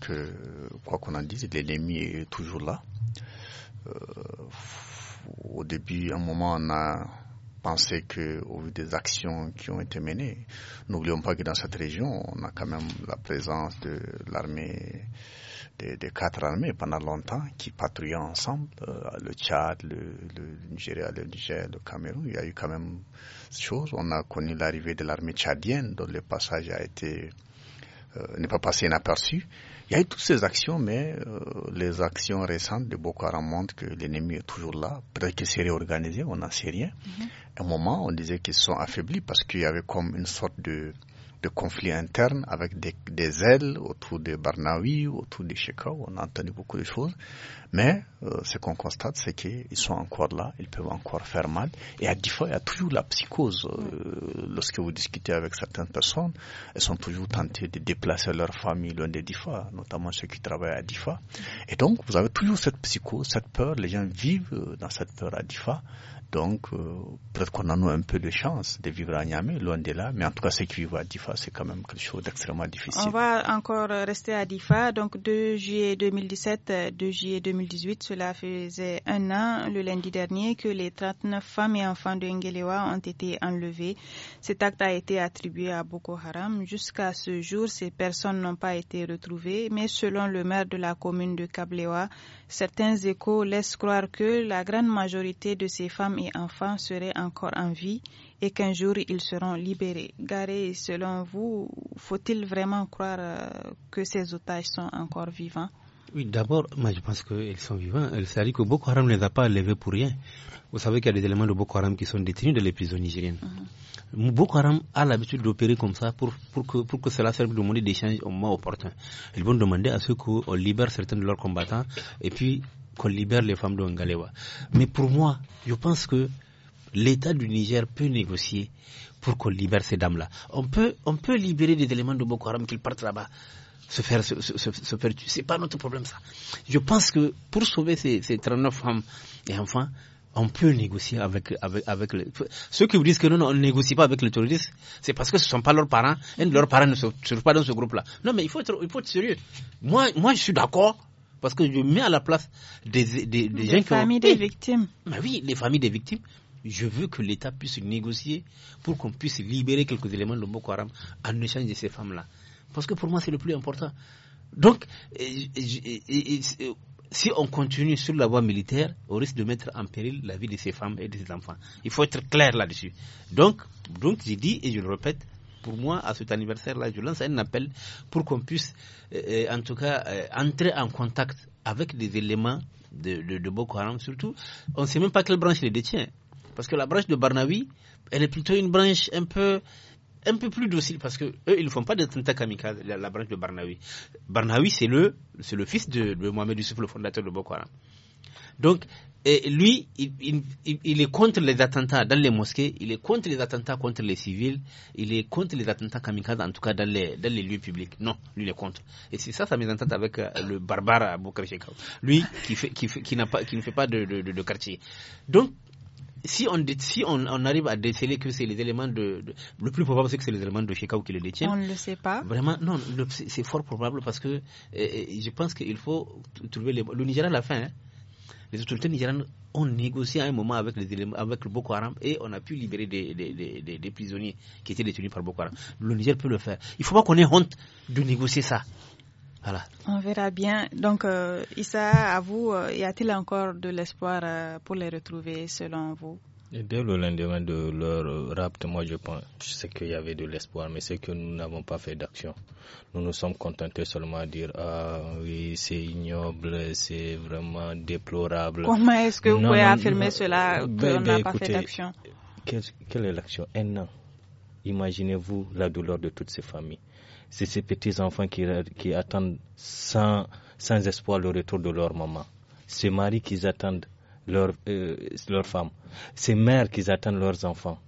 que, quoi qu'on en dise, l'ennemi est toujours là. Euh, au début, à un moment, on a pensé que, au vu des actions qui ont été menées, n'oublions pas que dans cette région, on a quand même la présence de l'armée, des quatre armées pendant longtemps qui patrouillaient ensemble, euh, le Tchad, le, le, Nigeria, le Niger, le Cameroun. Il y a eu quand même des choses. On a connu l'arrivée de l'armée tchadienne, dont le passage a été euh, n'est pas passé inaperçu. Il y a eu toutes ces actions, mais euh, les actions récentes de Boko Haram montrent que l'ennemi est toujours là. Peut-être qu'il s'est réorganisé, on n'en sait rien. Mm-hmm. À un moment, on disait qu'ils sont affaiblis parce qu'il y avait comme une sorte de de conflits internes avec des, des ailes autour de Barnawi, autour de Cheka, on a entendu beaucoup de choses. Mais euh, ce qu'on constate, c'est qu'ils sont encore là, ils peuvent encore faire mal. Et à Difa, il y a toujours la psychose. Euh, lorsque vous discutez avec certaines personnes, elles sont toujours tentées de déplacer leur famille loin des Difa, notamment ceux qui travaillent à Difa. Et donc, vous avez toujours cette psychose, cette peur. Les gens vivent euh, dans cette peur à Difa. Donc, euh, peut-être qu'on en a un peu de chance de vivre à Niamey, loin de là, mais en tout cas, ceux qui vivent à Difa, c'est quand même quelque chose d'extrêmement difficile. On va encore rester à Difa. Donc, 2 juillet 2017, 2 juillet 2018, cela faisait un an, le lundi dernier, que les 39 femmes et enfants de Ngelewa ont été enlevés. Cet acte a été attribué à Boko Haram. Jusqu'à ce jour, ces personnes n'ont pas été retrouvées, mais selon le maire de la commune de Kablewa, Certains échos laissent croire que la grande majorité de ces femmes et enfants seraient encore en vie et qu'un jour ils seront libérés. Garé, selon vous, faut-il vraiment croire euh, que ces otages sont encore vivants oui, d'abord, moi je pense qu'ils sont vivants, euh, C'est-à-dire que Boko Haram ne les a pas levés pour rien. Vous savez qu'il y a des éléments de Boko Haram qui sont détenus dans les prisons nigériennes. Mhm. Boko Haram a l'habitude d'opérer comme ça pour, que, cela serve de monnaie d'échange au moins opportun. Ils vont demander à ceux qu'on libère certains de leurs combattants et puis qu'on libère les femmes de Ngalewa. Mais pour moi, je pense que l'État du Niger peut négocier pour qu'on libère ces dames-là. On peut, on peut libérer des éléments de Boko Haram qu'ils partent là-bas se faire, se, se, se faire C'est pas notre problème, ça. Je pense que pour sauver ces, 39 femmes et enfants, on peut négocier avec, avec, avec ceux qui vous disent que non, non on ne négocie pas avec les terroristes, c'est parce que ce ne sont pas leurs parents et leurs parents ne se trouvent pas dans ce groupe-là. Non, mais il faut être, il faut être sérieux. Moi, moi, je suis d'accord parce que je mets à la place des, des, des gens qui. Les familles des victimes. Mais oui, les familles des victimes. Je veux que l'État puisse négocier pour qu'on puisse libérer quelques éléments de Boko Haram en échange de ces femmes-là. Parce que pour moi, c'est le plus important. Donc, si on continue sur la voie militaire, on risque de mettre en péril la vie de ces femmes et de ces enfants. Il faut être clair là-dessus. Donc, donc j'ai dit et je le répète, pour moi, à cet anniversaire-là, je lance un appel pour qu'on puisse, euh, euh, en tout cas, euh, entrer en contact avec des éléments de, Boko Haram, surtout. On ne sait même pas quelle branche les détient. Parce que la branche de Barnawi, elle est plutôt une branche un peu un peu plus docile parce que eux ils ne font pas d'attentats kamikazes la, la, branche de Barnawi Barnawi c'est le c'est le fils de, Mohamed Youssef le fondateur de Boko Haram donc lui il, il, il, est contre les attentats dans les mosquées il est contre les attentats contre les civils il est contre les attentats kamikazes en tout cas dans les, dans lieux publics non lui il est contre et c'est ça sa mésentente avec euh, le barbare à Haram. lui qui fait, qui, qui n'a pas qui ne fait pas de, de, de quartier donc si on, si on, arrive à déceler que c'est les éléments de, Le plus probable, c'est que c'est les éléments de Chicago qui les détiennent. On ne le sait pas. Vraiment, non, c'est fort probable parce que je pense qu'il faut trouver. Les, le Nigeria l'a fin. Hein. Les autorités nigérianes ont négocié à un moment avec, avec le Boko Haram et on a pu libérer des, prisonniers qui étaient détenus par Boko Haram. Le Niger peut le faire. Il ne faut pas qu'on ait honte de négocier ça. On verra bien. Donc, euh, Issa, à vous, euh, y a-t-il encore de l'espoir euh, pour les retrouver selon vous Dès le lendemain de leur rapt, moi je pense qu'il y avait de l'espoir, mais c'est que nous n'avons pas fait d'action. Nous nous sommes contentés seulement à dire Ah oui, c'est ignoble, c'est vraiment déplorable. Comment est-ce que vous pouvez affirmer cela qu'on ben, n'a ben, pas fait d'action quelle est l'action Un an. Imaginez-vous la douleur de toutes ces familles c'est ces petits-enfants qui, attendent sans, sans espoir le retour de leur maman. Ces maris qui attendent leur euh, leur femme. Ces mères qui attendent leurs enfants.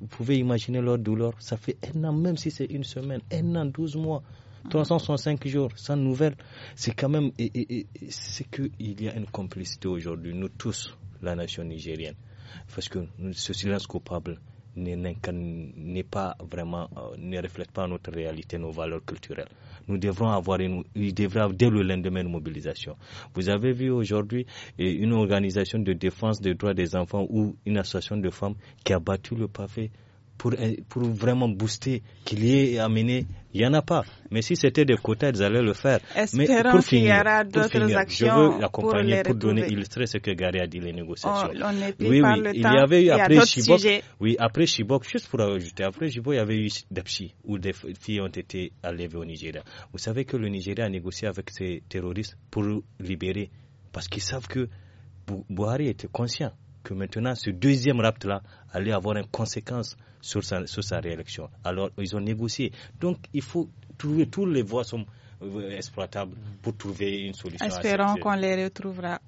Vous pouvez imaginer leur douleur. Ça fait un an, même si c'est une semaine, un an, douze mois. 365 jours sans nouvelles, c'est quand même. Et, et, c'est qu'il y a une complicité aujourd'hui, nous tous, la nation nigérienne. Parce que ce silence coupable, pas vraiment, euh, ne reflète pas notre réalité, nos valeurs culturelles. Nous devrons avoir dès le lendemain une mobilisation. Vous avez vu aujourd'hui une organisation de défense des droits des enfants ou une association de femmes qui a battu le pavé pour, pour vraiment booster, qu'il y ait amené. Il n'y en a pas. Mais si c'était des quotas, ils allaient le faire. Espérons Mais pour finir, pour finir actions je veux accompagner pour, donner, illustrer ce que Gary a dit, les négociations. Oh, on, on est oui, par oui. il y avait eu après Chibok. Oui, après Chibok, juste pour ajouter, après Chibok, il y avait eu Dapchi, où des filles ont été enlevées au Nigeria. Vous savez que le Nigeria a négocié avec ces terroristes pour libérer, parce qu'ils savent que Buhari était conscient que maintenant ce deuxième rapt-là allait avoir une conséquence sur sa, sur sa réélection. Alors ils ont négocié. Donc il faut trouver, toutes les voies sont euh, exploitables pour trouver une solution. Espérons qu'on les retrouvera.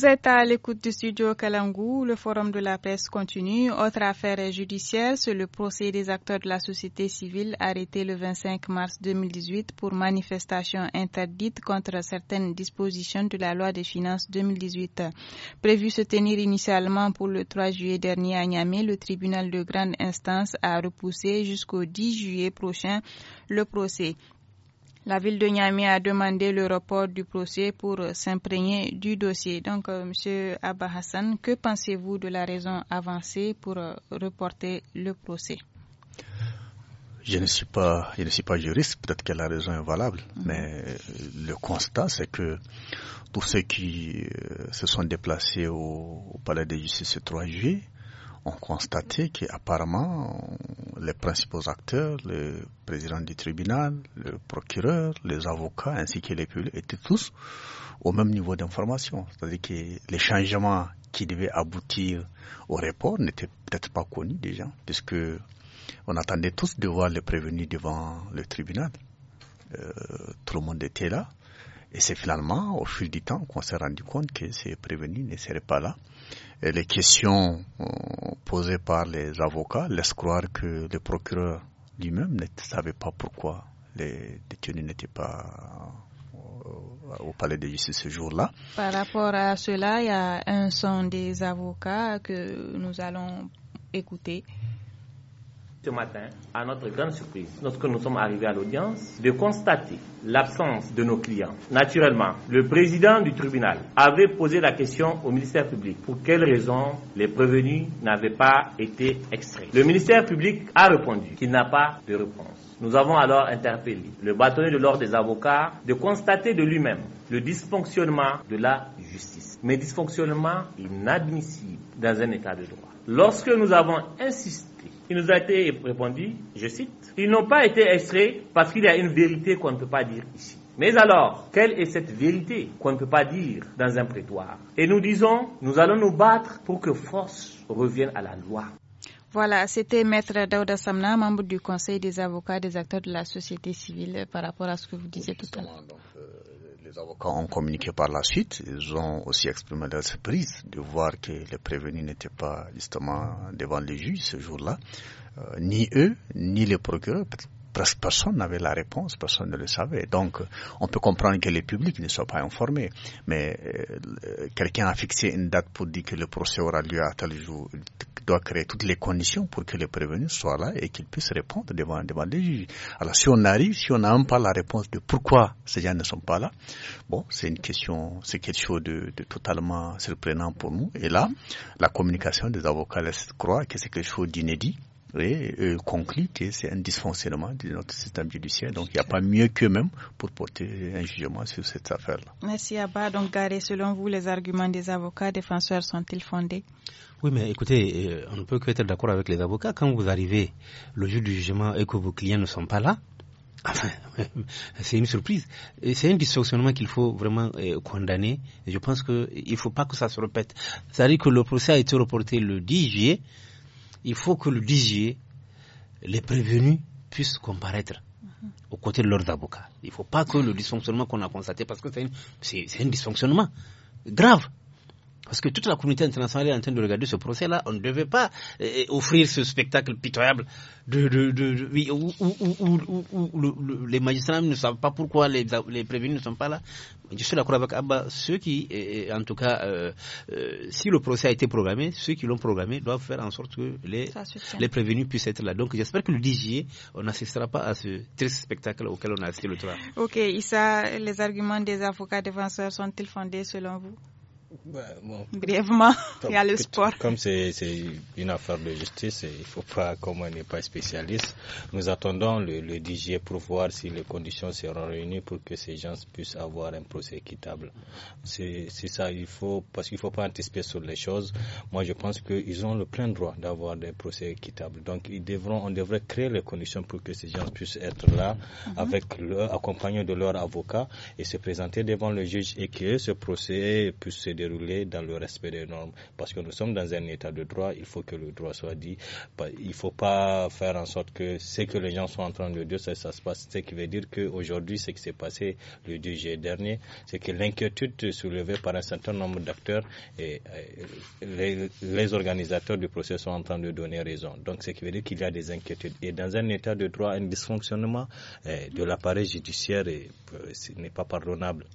Vous êtes à l'écoute du studio Kalangou. Le forum de la presse continue. Autre affaire judiciaire, c'est le procès des acteurs de la société civile arrêté le 25 mars 2018 pour manifestation interdite contre certaines dispositions de la loi des finances 2018. Prévu se tenir initialement pour le 3 juillet dernier à Niamey, le tribunal de grande instance a repoussé jusqu'au 10 juillet prochain le procès. La ville de Niamey a demandé le report du procès pour s'imprégner du dossier. Donc, M. Euh, Monsieur Abba Hassan, que pensez-vous de la raison avancée pour euh, reporter le procès je ne suis pas, je ne suis pas juriste. Peut-être que la raison est valable, mm-hmm. mais euh, le constat, c'est que tous ceux qui se sont déplacés au, palais de justice le 3 juillet on constaté qu'apparemment, les principaux acteurs, le président du tribunal, le procureur, les avocats ainsi que les publics étaient tous au même niveau d'information. C'est-à-dire que les changements qui devaient aboutir au report n'étaient peut-être pas connus déjà, puisque on attendait tous de voir les prévenus devant le tribunal. Euh, tout le monde était là. Et c'est finalement, au fil du temps, qu'on s'est rendu compte que ces prévenus ne seraient pas là les questions euh, posées par les avocats laissent croire que le procureur lui-même ne savait pas pourquoi les détenus n'étaient pas euh, au palais de justice ce jour-là. Par rapport à cela, il y a un son des avocats que nous allons écouter ce matin, à notre grande surprise, lorsque nous sommes arrivés à l'audience, de constater l'absence de nos clients. Naturellement, le président du tribunal avait posé la question au ministère public pour quelles raisons les prévenus n'avaient pas été extraits. Le ministère public a répondu qu'il n'a pas de réponse. Nous avons alors interpellé le bâtonnier de l'ordre des avocats de constater de lui-même le dysfonctionnement de la justice, mais dysfonctionnement inadmissible dans un état de droit. Lorsque nous avons insisté il nous a été répondu, je cite, Ils n'ont pas été extraits parce qu'il y a une vérité qu'on ne peut pas dire ici. Mais alors, quelle est cette vérité qu'on ne peut pas dire dans un prétoire Et nous disons, nous allons nous battre pour que force revienne à la loi. Voilà, c'était Maître Daouda Samna, membre du Conseil des avocats des acteurs de la société civile par rapport à ce que vous disiez tout à l'heure. Les avocats ont communiqué par la suite. Ils ont aussi exprimé leur surprise de voir que les prévenus n'étaient pas justement devant les juges ce jour-là. Euh, ni eux, ni les procureurs, presque personne n'avait la réponse, personne ne le savait. Donc, on peut comprendre que les publics ne soient pas informés. Mais euh, quelqu'un a fixé une date pour dire que le procès aura lieu à tel jour. Il doit créer toutes les conditions pour que les prévenus soient là et qu'ils puissent répondre devant, devant les juges. Alors, si on arrive, si on n'a même pas la réponse de pourquoi ces gens ne sont pas là, bon, c'est une question, c'est quelque chose de, de, totalement surprenant pour nous. Et là, la communication des avocats laisse croire que c'est quelque chose d'inédit et euh, conclut que c'est un dysfonctionnement de notre système judiciaire. Donc, il n'y a pas mieux qu'eux-mêmes pour porter un jugement sur cette affaire-là. Merci, Abba. Donc, Garé selon vous, les arguments des avocats défenseurs sont-ils fondés Oui, mais écoutez, euh, on ne peut qu'être d'accord avec les avocats. Quand vous arrivez le jour du jugement et que vos clients ne sont pas là, Enfin, c'est une surprise. C'est un dysfonctionnement qu'il faut vraiment euh, condamner. Et je pense qu'il ne faut pas que ça se répète. C'est-à-dire que le procès a été reporté le 10 juillet il faut que le DG, les prévenus, puissent comparaître mhm. aux côtés de leurs avocats. Il ne faut pas que le dysfonctionnement qu'on a constaté, parce que c'est un dysfonctionnement grave. Parce que toute la communauté internationale est en train de regarder ce procès-là. On ne devait pas euh, euh, offrir ce spectacle pitoyable de, où, les magistrats ne savent pas pourquoi les, prévenus ne sont pas là. Je suis d'accord avec Abba. Ceux qui, euh, en tout cas, si le procès a été programmé, ceux qui l'ont programmé doivent faire en sorte que les, prévenus puissent être là. Donc j'espère que le 10 juillet, on n'assistera pas à ce triste spectacle auquel on a assisté le 3. Ok, Issa, les arguments des avocats défenseurs sont-ils fondés selon vous bon, Brièvement, il y a le sport. Comme c'est une affaire de justice, il faut pas, comme on n'est pas spécialiste, nous attendons le, le DG pour voir si les conditions seront réunies pour que ces gens puissent avoir un procès équitable. C'est ça, il faut, parce qu'il faut pas anticiper sur les choses. Moi, je pense qu'ils ont le plein droit d'avoir des procès équitables. Donc, ils devront, on devrait créer les conditions pour que ces gens puissent être là, mhm. avec leur, accompagnés de leur avocat et se présenter devant le juge et que ce procès puisse se dérouler dans le respect des normes. Parce que nous sommes dans un état de droit, il faut que le droit soit dit. Bah, il ne faut pas faire en sorte que ce que les gens sont en train de dire, ça, ça se passe. Ce qui veut dire qu'aujourd'hui, ce qui s'est passé le 2 juillet dernier, c'est que l'inquiétude soulevée par un certain nombre d'acteurs et les, organisateurs du procès sont en train de donner raison. Donc, ce qui veut dire qu'il y a des inquiétudes. Et dans un état de droit, un dysfonctionnement eh, de l'appareil judiciaire, eh, euh, n'est pas pardonnable.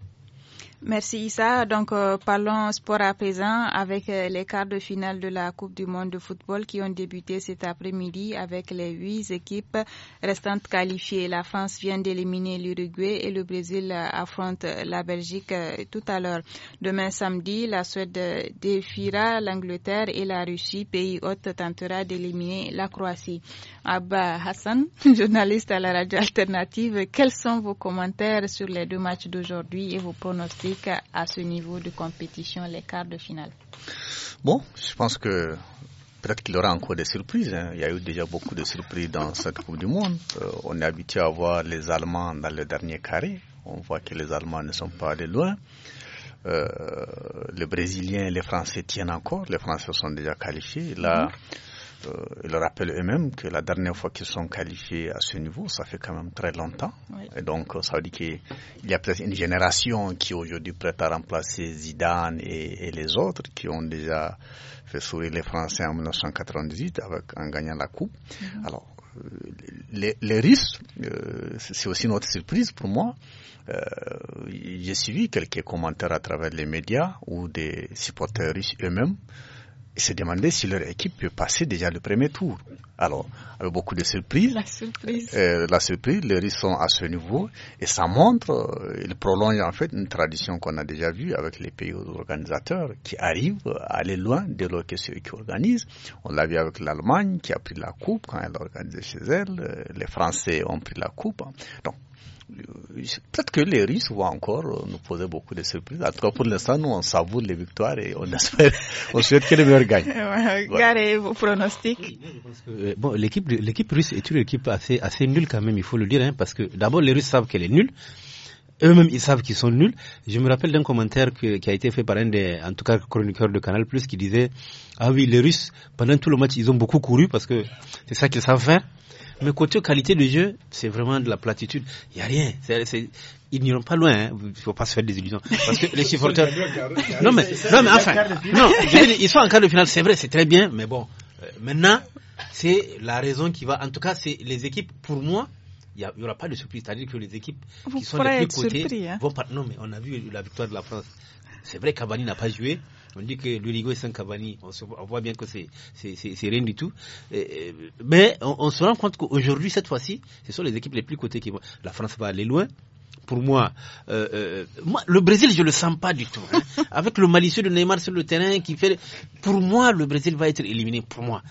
Merci Issa. Donc euh, parlons sport à présent avec euh, les quarts de finale de la Coupe du Monde de football qui ont débuté cet après-midi avec les huit équipes restantes qualifiées. La France vient d'éliminer l'Uruguay et le Brésil euh, affronte la Belgique tout à l'heure. Demain samedi, la Suède défiera l'Angleterre et la Russie, pays hôte, tentera d'éliminer la Croatie. Abba Hassan, journaliste à la radio alternative, quels sont vos commentaires sur les deux matchs d'aujourd'hui et vos pronostics qu'à à ce niveau de compétition les quarts de finale Bon, je pense que peut-être qu'il y aura encore des surprises. Hein. Il y a eu déjà beaucoup de surprises dans cette Coupe du Monde. Euh, on est habitué à voir les Allemands dans le dernier carré. On voit que les Allemands ne sont pas allés loin. Euh, les Brésiliens et les Français tiennent encore. Les Français sont déjà qualifiés. Là, mhm. Euh, le rappellent eux-mêmes que la dernière fois qu'ils sont qualifiés à ce niveau, ça fait quand même très longtemps. Et donc, euh, ça veut dire qu'il y a peut-être une génération qui aujourd'hui prête à remplacer Zidane et, les autres qui ont déjà fait sourire les Français en 1998 en gagnant la Coupe. Mhm. Alors, euh, les, les risques, euh, c'est aussi notre surprise pour moi. Euh, J'ai suivi quelques commentaires à travers les médias ou des supporters russes eux-mêmes se demandaient si leur équipe peut passer déjà le premier tour. Alors, avec beaucoup de surprises. La surprise. Euh, la surprise, les risques sont à ce niveau et ça montre, euh, il prolonge en fait une tradition qu'on a déjà vue avec les pays organisateurs qui arrivent à aller loin de lors que qui organisent. On l'a vu avec l'Allemagne qui a pris la coupe quand elle a organisé chez elle. Euh, les Français ont pris la coupe. Hein. Donc, euh, peut-être que les Russes vont encore euh, nous poser beaucoup de surprises. En tout cas, pour l'instant, nous, on savoure les victoires et on espère, on souhaite que les meilleurs gagnent. vos pronostics. Euh, bon, l'équipe, l'équipe russe est une équipe assez, assez nulle quand même, il faut le dire, hein, parce que d'abord, les Russes savent qu'elle est nulle eux-mêmes ils savent qu'ils sont nuls. Je me rappelle d'un commentaire qui a été fait par un des, en tout cas, chroniqueurs de Canal Plus qui disait, ah oui, les Russes, pendant tout le match, ils ont beaucoup couru parce que c'est ça qu'ils savent faire. Mais côté qualité de jeu, c'est vraiment de la platitude. Il n'y a rien. ils n'iront pas loin. Hein. Il ne faut pas se faire des illusions. Parce que les supporters. non, mais, non, mais enfin. Non, ils sont en quart de finale, c'est vrai, c'est très bien. Mais bon, euh, maintenant, c'est la raison qui va. En tout cas, c'est les équipes, pour moi, il n'y aura pas de surprise. C'est-à-dire que les équipes qui sont les plus cotées vont pas. Non, mais on a vu la victoire de la France. C'est vrai, Cavani n'a pas joué. On dit que l'Urigo est sans Cavani. On, voit bien que c'est rien du tout. Euh, mais on, se rend compte qu'aujourd'hui, cette fois-ci, ce sont les équipes les plus cotées qui vont. La France va aller loin. Pour moi, euh, euh, le Brésil, je le sens pas du tout. Hein. Avec le malicieux de Neymar sur le terrain qui fait. Pour moi, le Brésil va être éliminé. Pour moi.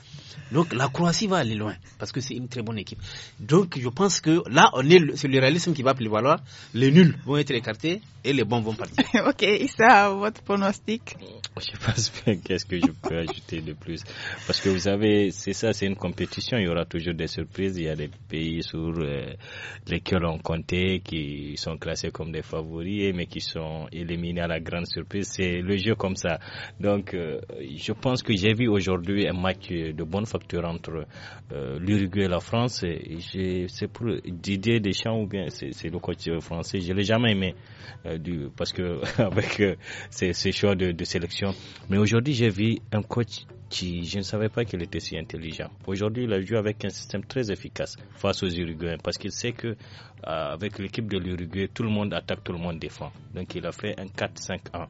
Donc la Croatie va aller loin parce que c'est une très bonne équipe. Donc je pense que là, on est c'est le réalisme qui va prévaloir. Les nuls vont être écartés et les bons vont partir. ok, Issa, votre pronostic Je pense qu'est-ce que je peux ajouter de plus Parce que vous savez, c'est ça, c'est une compétition. Il y aura toujours des surprises. Il y a des pays sur euh, lesquels on comptait qui sont classés comme des favoris mais qui sont éliminés à la grande surprise. C'est le jeu comme ça. Donc euh, je pense que j'ai vu aujourd'hui un match de bonne facture entre euh, l'Uruguay et la France. C'est pour Didier Deschamps ou bien c'est le coach euh, français. Je l'ai jamais aimé euh, du, parce que avec ses, choix de, sélection. Mais aujourd'hui, j'ai vu un coach qui, je ne savais pas qu'il était si intelligent. Aujourd'hui, il a joué avec un système très efficace face aux Uruguayens parce qu'il sait que avec l'équipe de l'Uruguay, tout le monde attaque, tout le monde défend. Donc, il a fait un 4-5-1.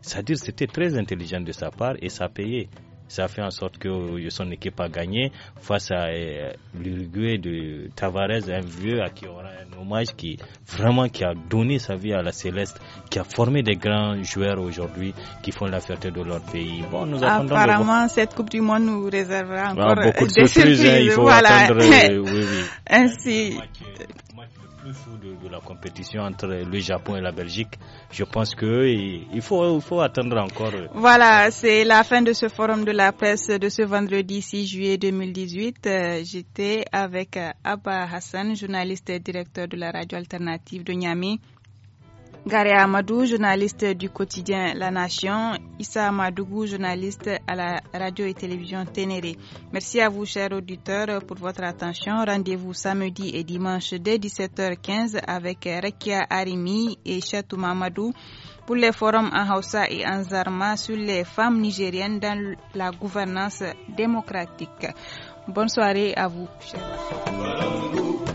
C'est-à-dire, c'était très intelligent de sa part et ça a payé. Ça fait en sorte que son équipe a gagné face à euh, l'Uruguay de Tavares, un vieux à qui on rend un hommage qui vraiment qui a donné sa vie à la Céleste, qui a formé des grands joueurs aujourd'hui qui font la fierté de leur pays. Bon, nous Apparemment, cette Coupe du Monde nous réservera ah, encore de des surprises. Hein, il faut voilà. attendre. Euh, Ainsi, de, la compétition entre le Japon et la Belgique. Je pense que euh, il faut, faut attendre encore. Voilà, c'est la fin de ce forum de la presse de ce vendredi 6 juillet 2018. Euh, j'étais avec euh, Abba Hassan, journaliste et directeur de la radio alternative de Niamey. Gare Amadou, journaliste du quotidien La Nation, Issa Amadougou, journaliste à la radio et télévision Ténéré. Merci à vous, chers auditeurs, pour votre attention. Rendez-vous samedi et dimanche dès 17h15 avec Rekia Arimi et Chatou Amadou pour les forums en Hausa et en Zarma sur les femmes nigériennes dans la gouvernance démocratique. Bonne soirée à vous, chers.